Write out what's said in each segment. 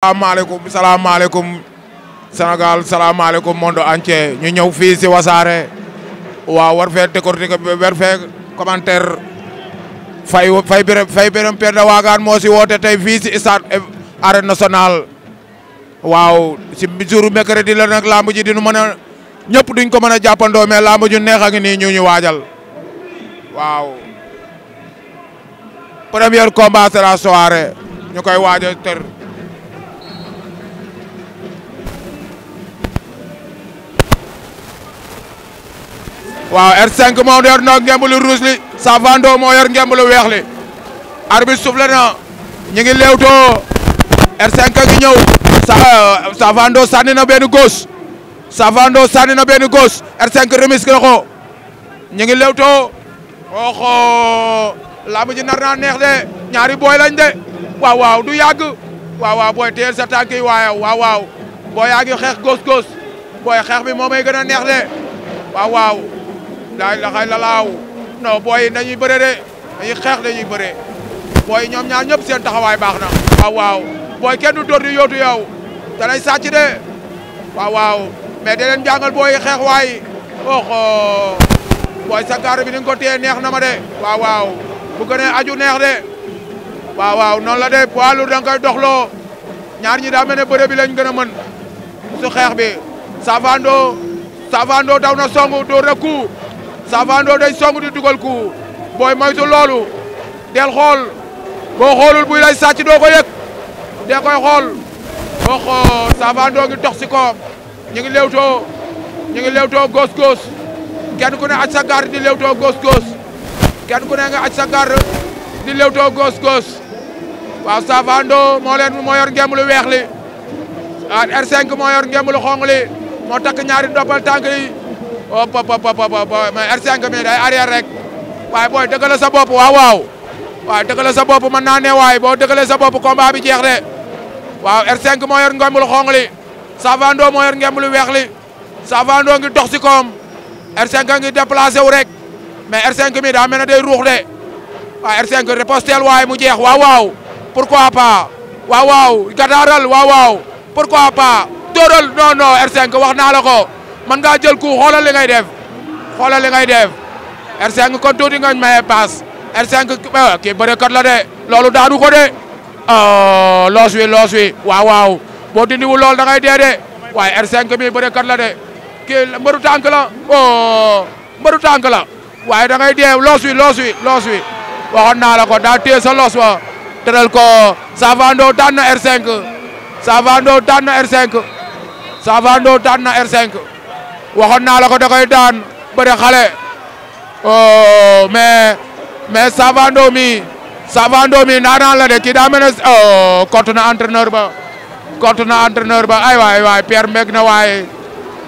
salaamaaleykum salaamaaleykum Sénégal salaamaaleykum monde entier ñu ñëw fii si wasaare waaw war fee décortique war fee commentaire fay fay bërëm fay bërëm Penda Waagaan moo si woote tey fii si stade eh, arène waaw si jour mercredi la nag lamb ji dinu a ñëpp duñ ko mën a jàppandoo mais lamb ju neex a ngi ñu ñu waajal waaw premier combat de ñu koy waaj a waaw R5 moo yor na ngemb lu ruus li Savando moo yor ngemb weex li arbitre soufflé na ñu ngi leewtoo R5 ngi ñëw euh, Savando sànni na benn gauche Savando sànni na benn gauche R5 remise na ko ñu ngi leewtoo oxo lamb ji nar naa neex de ñaari booy lañ de waaw waaw du yàgg waaw waaw booy teel sa tànk yi waaw waaw waaw booy yaa xeex gauche gauche booy xeex bi moo may gën a neex de waaw waaw daay la xay lalaaw non booy yi dañuy bëre de dañuy xeex dañuy bëre booy ñoom ñaar ñëpp seen taxawaay baax na. waaw waaw booy kenn du dóor di yóotu yow da lay sàcc de waaw waaw mais da leen jàngal booy yi xeex waay oxo booy sa bi ni nga neex na ma de. waaw waaw bu aju neex de waaw waaw noonu la de poids lourd da nga koy ñaar ñi daa mel ne bi lañ gën a mën su xeex bi. Savando Savando daw na songu dóor na coup Safando day song di dugal ku booy moytu loolu del xool boo xoolul buy lay sàcc doo ko yëg dee koy xool boo xool Safando ngi dox si koom ñu ngi lewtoo ñu ngi lewtoo góos góos kenn ku ne aj sa gar di lewtoo góos góos kenn ku ne nga aj sa gar di lewtoo góos góos waaw Safando moo leen moo yor ngemb lu weex li ah R5 moo yor ngemb lu xonq li moo takk ñaari doppal tànk yi op op op mi day arrière rek booy dëggale sa bopp waaw waaw waaw dëggale sa bopp mën naa ne waaye de waaw R5 moo yor ngembul xong li Savando moo yor ngembul weex li Savando ngi dox si koom ngi déplacé rek mais R5 mi daa mel ne de waaw R5 repostel waaye mu jeex waaw waaw pourquoi pas gadaaral waaw waaw pourquoi pas dóoral non non r naa la man ngaa jël coup xoolal li ngay def xoolal li ngay def R5 kon tuuti nga maye paas R5 ah, kii bërekat la de loolu daanu ko de oh, loos wi loos wi waaw waaw boo dindiwul loolu da ngay dee de waaye R5 bi bërekat la de kii mbaru tànk la oh mbaru tànk la waaye da ngay loos wi loos wi loos wi waxoon naa la ko daa téye sa loos wa tëral ko Savando tànn R5 Savando tànn R5 Savando tànn R5 waxoon naa la ko da koy daan bëre xale oh mais mais Savando mi Savando mi naanaan la de kii daa mel ne oh, kott na entraîneur ba kott na entraîneur ba ay waay waay Pierre mbég na waay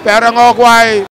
Pierre a waay